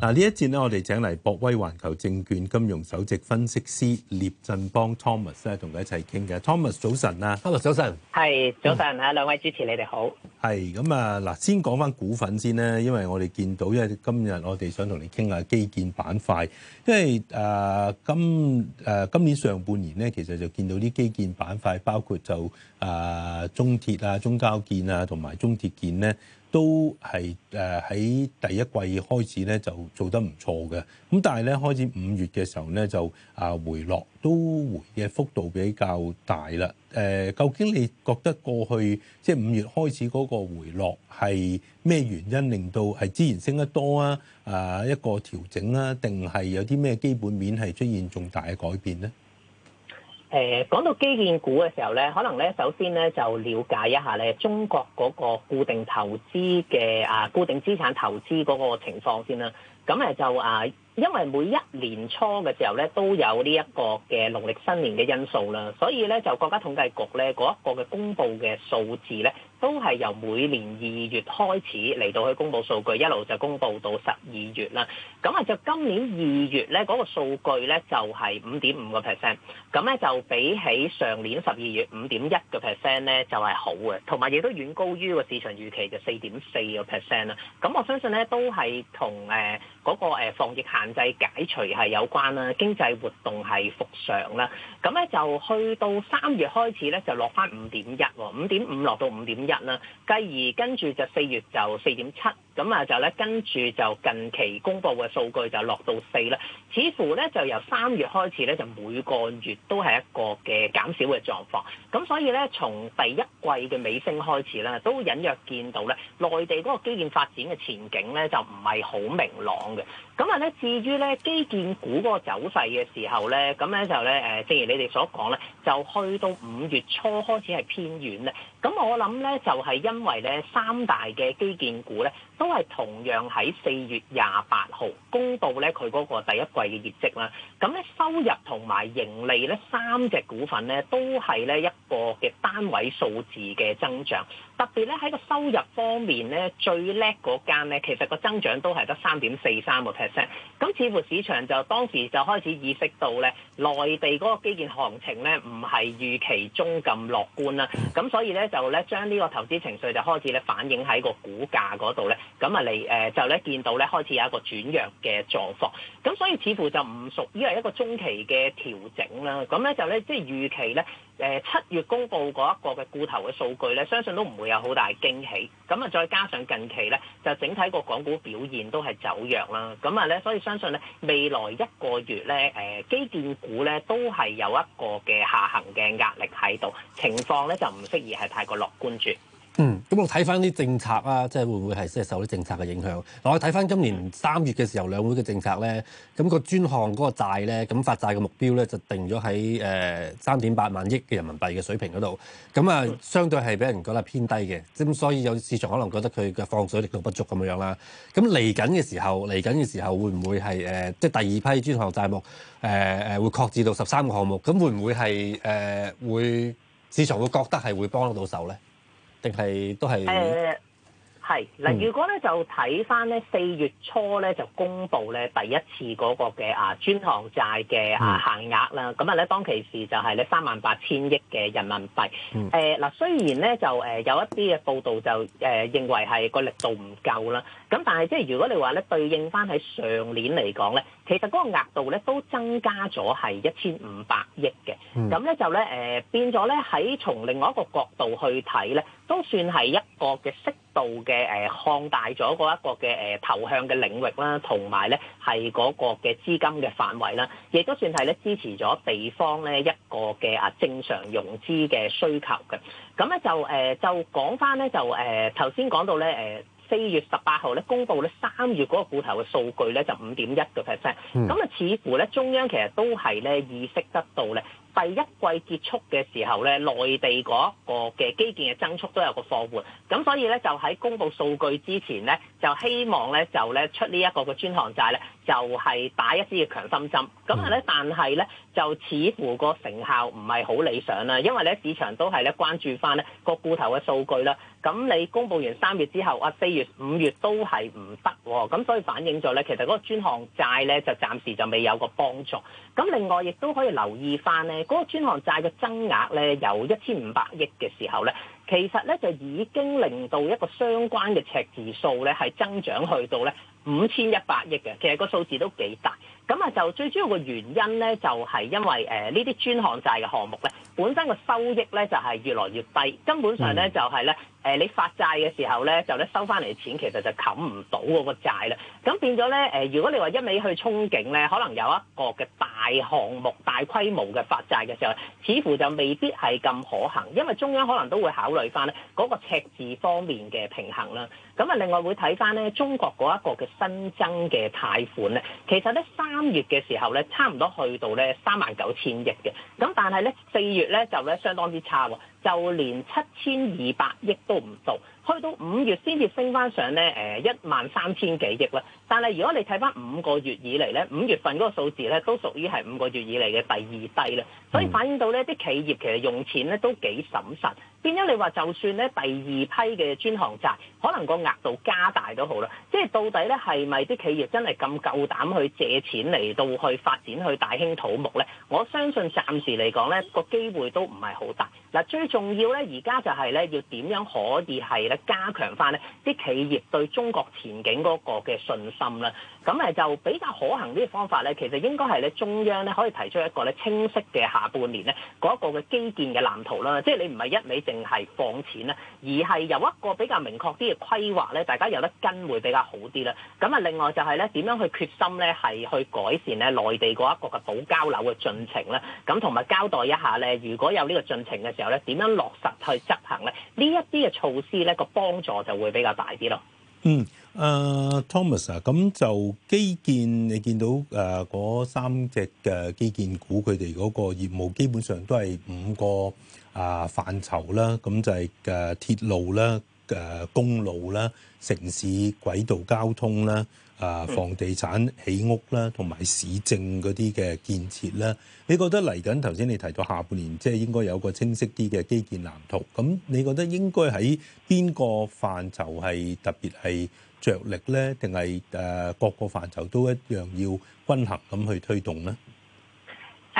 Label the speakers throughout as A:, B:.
A: 嗱，呢一節咧，我哋請嚟博威環球證券金融首席分析師聶振邦 Thomas 咧，同佢一齊傾嘅。Thomas 早晨啊，Hello 早晨，係早晨啊，嗯，
B: 兩位主持你哋好。
A: 係咁啊，嗱，先講翻股份先咧，因為我哋見到，因為今日我哋想同你傾下基建板塊，因為誒、呃、今誒、呃、今年上半年咧，其實就見到啲基建板塊，包括就。啊，中鐵啊，中交建啊，同埋中鐵建呢都係誒喺第一季開始呢就做得唔錯嘅。咁但係呢開始五月嘅時候呢就啊回落，都回嘅幅度比較大啦。誒、啊，究竟你覺得過去即係五月開始嗰個回落係咩原因令到係之前升得多啊？啊，一個調整啊，定係有啲咩基本面係出現重大嘅改變呢？
B: 誒，講到基建股嘅時候咧，可能咧首先咧就了解一下咧中國嗰個固定投資嘅、啊固定資產投資嗰個情況先啦。咁誒就啊，因為每一年初嘅時候咧都有呢一個嘅農曆新年嘅因素啦，所以咧就國家統計局咧嗰一個嘅公佈嘅數字咧。都係由每年二月開始嚟到去公佈數據，一路就公佈到十二月啦。咁啊，就今年二月咧，嗰個數據咧就係五點五個 percent。咁咧就比起上年十二月五點一個 percent 咧就係好嘅，同埋亦都遠高於個市場預期嘅四點四個 percent 啦。咁我相信咧都係同誒嗰個誒防疫限制解除係有關啦，經濟活動係復常啦。咁咧就去到三月開始咧就落翻五點一，五點五落到五點日啦，繼而跟住就四月就四點七。咁啊，就咧跟住就近期公布嘅數據就落到四啦，似乎咧就由三月開始咧，就每個月都係一個嘅減少嘅狀況。咁所以咧，從第一季嘅尾聲開始咧，都隱約見到咧，內地嗰個基建發展嘅前景咧就唔係好明朗嘅。咁啊咧，至於咧基建股嗰個走勢嘅時候咧，咁咧就咧誒，正如你哋所講咧，就去到五月初開始係偏軟咧。咁我諗咧就係因為咧三大嘅基建股咧。都係同樣喺四月廿八號公布咧，佢嗰個第一季嘅業績啦。咁咧，收入同埋盈利咧，三隻股份咧，都係咧一個嘅單位數字嘅增長。特別咧喺個收入方面咧，最叻嗰間咧，其實個增長都係得三點四三個 percent。咁似乎市場就當時就開始意識到咧，內地嗰個基建行情咧唔係預期中咁樂觀啦。咁所以咧就咧將呢個投資情緒就開始咧反映喺個股價嗰度咧，咁啊嚟誒就咧見到咧開始有一個轉弱嘅狀況。咁所以似乎就唔屬於係一個中期嘅調整啦。咁咧就咧即係預期咧。誒七月公布嗰一個嘅固投嘅數據咧，相信都唔會有好大驚喜。咁啊，再加上近期咧，就整體個港股表現都係走弱啦。咁啊咧，所以相信咧，未來一個月咧，基建股咧都係有一個嘅下行嘅壓力喺度，情況咧就唔適宜係太過樂觀
A: 住。
C: 嗯，咁我睇翻啲政策啊，即係會唔會係即係受啲政策嘅影響？我睇翻今年三月嘅時候兩會嘅政策咧，咁個專項嗰個債咧，咁發債嘅目標咧就定咗喺誒三點八萬億嘅人民幣嘅水平嗰度，咁啊相對係俾人覺得偏低嘅，咁所以有市場可能覺得佢嘅放水力度不足咁樣啦。咁嚟緊嘅時候，嚟緊嘅時候會唔會係即係第二批專項債務誒誒會擴至到十三個項目？咁會唔會係誒會市場會覺得係會幫得到手咧？定係都
B: 係誒係嗱，如果咧就睇翻咧四月初咧就公布咧第一次嗰個嘅啊專項債嘅啊限額啦，咁啊咧當其時就係咧三萬八千億嘅人民幣。誒、嗯、嗱，雖然咧就誒有一啲嘅報道就誒認為係個力度唔夠啦，咁但係即係如果你話咧對應翻喺上年嚟講咧，其實嗰個額度咧都增加咗係一千五百億嘅。咁、嗯、咧就咧誒變咗咧喺從另外一個角度去睇咧。都算係一個嘅適度嘅誒擴大咗嗰一個嘅誒投向嘅領域啦，同埋咧係嗰個嘅資金嘅範圍啦，亦都算係咧支持咗地方咧一個嘅啊正常融資嘅需求嘅。咁咧就誒、呃、就講返咧就誒頭先講到咧誒四月十八號咧公佈咧三月嗰個固投嘅數據咧就五點一個 percent，咁啊似乎咧中央其實都係咧意識得到咧。第一季結束嘅時候咧，內地嗰個嘅基建嘅增速都有個放緩，咁所以咧就喺公布數據之前咧，就希望咧就咧出呢一個嘅專項債咧，就係、是、打一啲嘅強心針。咁係咧，但係咧。就似乎個成效唔係好理想啦，因為咧市場都係咧關注翻咧個固投嘅數據啦。咁你公布完三月之後，啊四月五月都係唔得，咁所以反映咗咧，其實嗰個專項債咧就暫時就未有個幫助。咁另外亦都可以留意翻咧，嗰個專項債嘅增額咧由一千五百億嘅時候咧，其實咧就已經令到一個相關嘅赤字數咧係增長去到咧。五千一百億嘅，其實個數字都幾大。咁啊，就最主要個原因咧，就係因為誒呢啲專項債嘅項目咧，本身個收益咧就係越來越低，根本上咧就係咧誒你發債嘅時候咧，就咧收翻嚟錢其實就冚唔到嗰個債啦。咁變咗咧，呃，如果你話一味去憧憬咧，可能有一個嘅大項目、大規模嘅發債嘅時候，似乎就未必係咁可行，因為中央可能都會考慮翻咧嗰個赤字方面嘅平衡啦。咁啊，另外會睇返咧中國嗰一個嘅新增嘅貸款咧，其實咧三月嘅時候咧，差唔多去到咧三萬九千億嘅，咁但係咧四月咧就咧相當之差喎，就連七千二百億都唔到。去到五月先至升翻上咧，誒一萬三千幾億啦。但係如果你睇翻五個月以嚟咧，五月份嗰個數字咧都屬於係五個月以嚟嘅第二低啦。所以反映到咧，啲企業其實用錢咧都幾審慎。變咗你話就算咧第二批嘅專項債可能個額度加大都好啦，即係到底咧係咪啲企業真係咁夠膽去借錢嚟到去發展去大興土木咧？我相信暫時嚟講咧個機會都唔係好大。嗱，最重要咧，而家就係咧，要點樣可以係咧加強翻呢啲企業對中國前景嗰個嘅信心啦。咁誒就比較可行啲嘅方法咧，其實應該係咧中央咧可以提出一個咧清晰嘅下半年咧嗰一個嘅基建嘅藍圖啦。即係你唔係一味淨係放錢啦，而係有一個比較明確啲嘅規劃咧，大家有得跟會比較好啲啦。咁啊，另外就係咧點樣去決心咧？係去改善咧內地嗰一個嘅保交樓嘅進程咧？咁同埋交代一下咧，如果有呢個進程嘅。有咧，點樣落實去執行咧？呢一啲嘅措施咧，個幫助就會比較大啲
A: 咯。嗯，誒、uh,Thomas 啊，咁就基建，你見到誒嗰、uh, 三隻嘅基建股，佢哋嗰個業務基本上都係五個啊、uh, 範疇啦。咁就係、是、誒、uh, 鐵路啦、誒、uh, 公路啦、城市軌道交通啦。啊，房地產起屋啦，同埋市政嗰啲嘅建設啦，你覺得嚟緊頭先你提到下半年即係應該有個清晰啲嘅基建藍圖，咁你覺得應該喺邊個範疇係特別係着力呢？定係誒各個範疇都一樣要均衡咁去推動呢？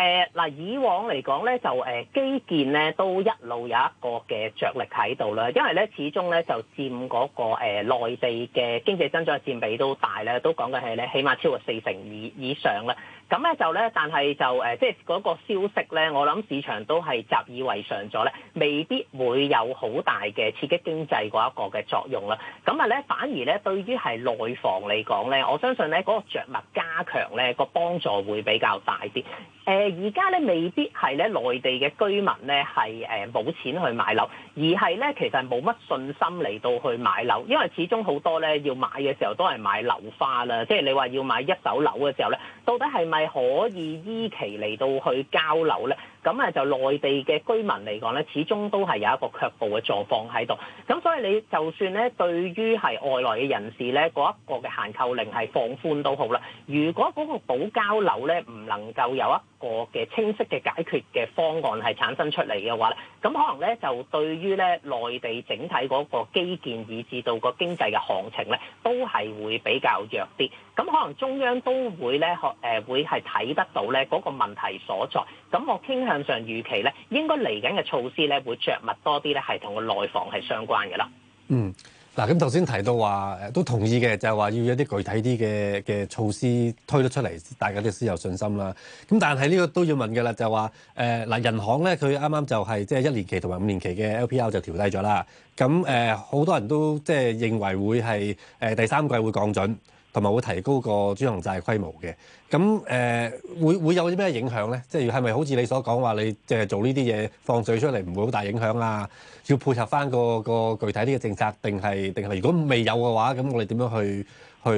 B: 誒嗱，以往嚟講咧，就誒基建咧都一路有一個嘅着力喺度啦，因為咧始終咧就佔嗰個誒內地嘅經濟增長嘅佔比都大咧，都講嘅係咧，起碼超過四成以以上啦。咁咧就咧，但係就誒，即係嗰個消息咧，我諗市場都係習以為常咗咧，未必會有好大嘅刺激經濟嗰一個嘅作用啦。咁啊咧，反而咧對於係內房嚟講咧，我相信咧嗰個着墨加強咧個幫助會比較大啲。誒、呃，而家咧未必係咧內地嘅居民咧係誒冇錢去買樓，而係咧其實冇乜信心嚟到去買樓，因為始終好多咧要買嘅時候都係買樓花啦。即係你話要買一手樓嘅時候咧，到底係咪？.係可以依期嚟到去交流咧。咁誒就內地嘅居民嚟講咧，始終都係有一個卻步嘅狀況喺度。咁所以你就算咧，對於係外來嘅人士咧，嗰一個嘅限購令係放寬都好啦。如果嗰個保交樓咧，唔能夠有一個嘅清晰嘅解決嘅方案係產生出嚟嘅話咧，咁可能咧就對於咧內地整體嗰個基建以至到個經濟嘅行情咧，都係會比較弱啲。咁可能中央都會咧學誒會係睇得到咧嗰個問題所在。咁我傾向上預期咧，應該嚟緊嘅措施咧，會著墨多啲咧，係同個內房係相關嘅啦。
C: 嗯，嗱，咁頭先提到話，誒都同意嘅，就係話要一啲具體啲嘅嘅措施推得出嚟，大家都先有信心啦。咁但係呢個都要問嘅啦，就話誒嗱，人行咧佢啱啱就係即係一年期同埋五年期嘅 LPR 就調低咗啦。咁誒好多人都即係認為會係、呃、第三季會降準。同埋會提高個專項債規模嘅，咁誒、呃、會會有啲咩影響咧？即係係咪好似你所講話，你淨係做呢啲嘢放水出嚟，唔會好大影響啊？要配合翻個個具體啲嘅政策，定係定係？如果未有嘅話，咁我哋點樣去去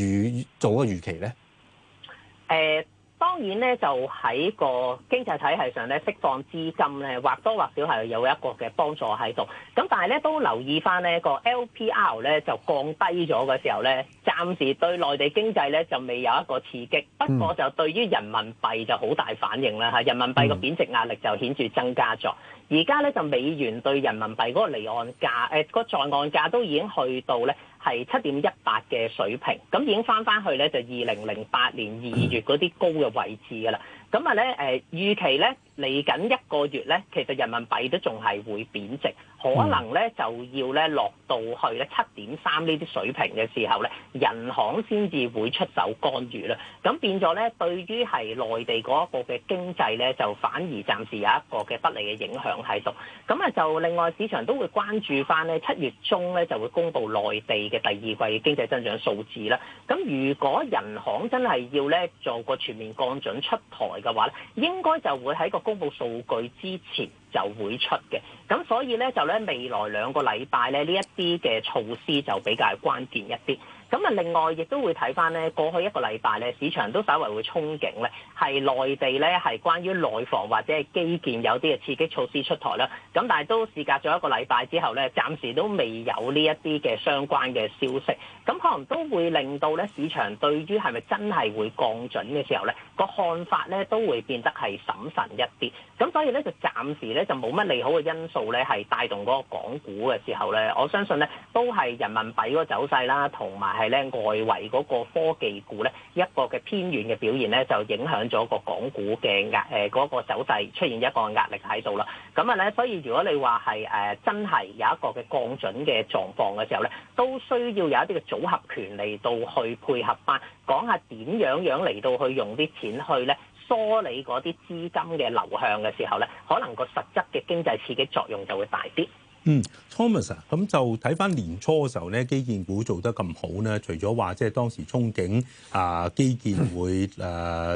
C: 預做個預期咧？
B: 誒、uh...。當然咧，就喺個經濟體系上咧，釋放資金咧，或多或少係有一個嘅幫助喺度。咁但係咧，都留意翻咧、個 LPR 咧就降低咗嘅時候咧，暫時對內地經濟咧就未有一個刺激。不過就對於人民幣就好大反應啦嚇，人民幣個貶值壓力就顯著增加咗。而家咧就美元對人民幣嗰個離岸價，誒、呃個在岸價都已經去到咧。係七點一八嘅水平，咁已經翻翻去咧就二零零八年二月嗰啲高嘅位置㗎啦。咁啊咧，誒預期咧嚟緊一個月咧，其實人民幣都仲係會貶值，可能咧就要咧落到去咧七點三呢啲水平嘅時候咧，人行先至會出手干預啦。咁變咗咧，對於係內地嗰一個嘅經濟咧，就反而暫時有一個嘅不利嘅影響喺度。咁啊，就另外市場都會關注返咧，七月中咧就會公布內地嘅第二季經濟增長數字啦。咁如果人行真係要咧做個全面降準出台，嘅話咧，應該就會喺個公布數據之前。就會出嘅，咁所以咧就咧未來兩個禮拜咧，呢這一啲嘅措施就比較關鍵一啲。咁啊，另外亦都會睇返咧，過去一個禮拜咧，市場都稍為會憧憬咧係內地咧係關於內房或者係基建有啲嘅刺激措施出台啦。咁但係都事隔咗一個禮拜之後咧，暫時都未有呢一啲嘅相關嘅消息。咁可能都會令到咧，市場對於係咪真係會降準嘅時候咧，個看法咧都會變得係審慎一啲。咁所以咧就暫時咧。就冇乜利好嘅因素咧，係帶動嗰個港股嘅時候咧，我相信咧都係人民幣嗰個走勢啦，同埋係咧外圍嗰個科技股咧一個嘅偏軟嘅表現咧，就影響咗個港股嘅壓誒嗰個走勢出現一個壓力喺度啦。咁啊咧，所以如果你話係誒真係有一個嘅降準嘅狀況嘅時候咧，都需要有一啲嘅組合拳嚟到去配合翻，講下點樣樣嚟到去用啲錢去咧。梳理嗰啲資金嘅流向嘅時候咧，可能個實質嘅經濟刺激作用就會大啲。
A: 嗯，Thomas 啊，咁就睇返年初嘅時候咧，基建股做得咁好咧，除咗話即係當時憧憬啊基建會誒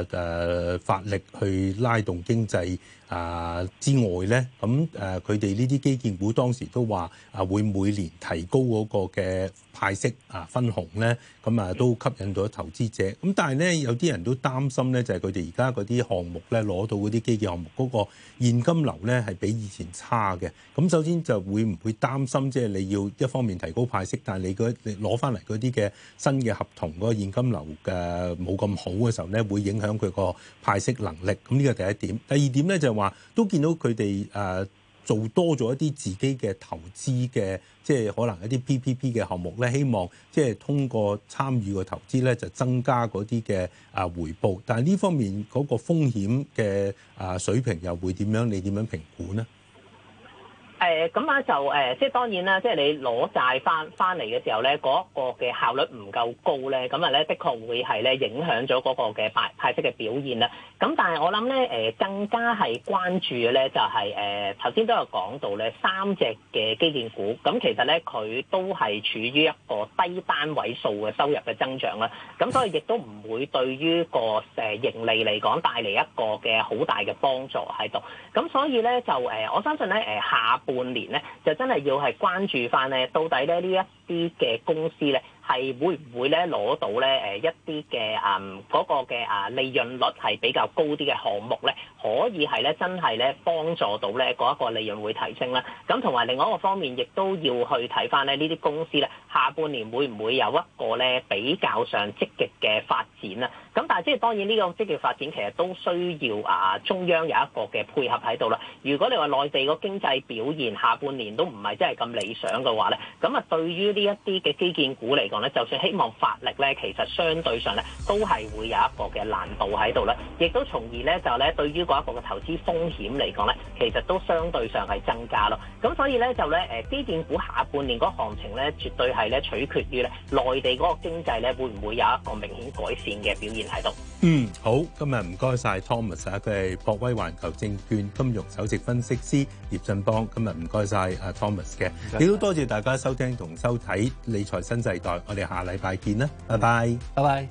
A: 誒發力去拉動經濟，啊之外咧，咁誒，佢哋呢啲基建股當時都話啊會每年提高嗰個嘅派息啊分紅咧，咁啊都吸引到投資者。咁但係咧，有啲人都擔心咧，就係佢哋而家嗰啲項目咧，攞到嗰啲基建項目嗰個現金流咧，係比以前差嘅。咁首先就會唔會擔心，即係你要一方面提高派息，但係你攞翻嚟嗰啲嘅新嘅合同嗰個現金流嘅冇咁好嘅時候咧，會影響佢個派息能力。咁呢個第一點，第二點咧就係話都見到佢哋誒做多咗一啲自己嘅投資嘅，即係可能一啲 PPP 嘅項目咧，希望即係通過參與個投資咧，就增加嗰啲嘅啊回報。但係呢方面嗰個風險嘅啊水平又會點樣？你點樣評估呢？
B: 誒咁啊就誒，即係當然啦，即係你攞債翻翻嚟嘅時候咧，嗰個嘅效率唔夠高咧，咁啊咧，的確會係咧影響咗嗰個嘅派派息嘅表現啦。咁但係我諗咧誒，更加係關注嘅咧就係誒頭先都有講到咧三隻嘅基建股，咁其實咧佢都係處於一個低單位數嘅收入嘅增長啦，咁所以亦都唔會對於個誒盈利嚟講帶嚟一個嘅好大嘅幫助喺度。咁所以咧就、誒、我相信咧誒下。半年咧，就真係要係關注翻咧，到底咧，呢一啲嘅公司咧。係會唔會咧攞到咧誒一啲嘅啊嗰個嘅啊利潤率係比較高啲嘅項目咧，可以係咧真係咧幫助到咧嗰一個利潤會提升啦。咁同埋另外一個方面，亦都要去睇翻咧呢啲公司咧下半年會唔會有一個咧比較上積極嘅發展啦。咁但係即係當然呢個積極發展其實都需要啊中央有一個嘅配合喺度啦。如果你話內地個經濟表現下半年都唔係真係咁理想嘅話咧，咁啊對於呢一啲嘅基建股嚟講，咧就算希望發力咧，其實相對上咧都係會有一個嘅難度喺度咧，亦都從而咧就咧對於嗰一個嘅投資風險嚟講咧，其實都相對上係增加咯。咁所以咧就咧誒基建股下半年嗰行情咧，絕對係咧取決於咧內地嗰個經濟咧會唔會有一個明顯改善嘅表現喺度。
A: 嗯，好，今日唔該晒 Thomas 啊，佢係博威環球證券金融首席分析師聶振邦。今日唔該晒阿 Thomas 嘅，亦都多謝大家收聽同收睇理財新世代。我哋下禮拜見啦，拜拜，拜拜。拜拜。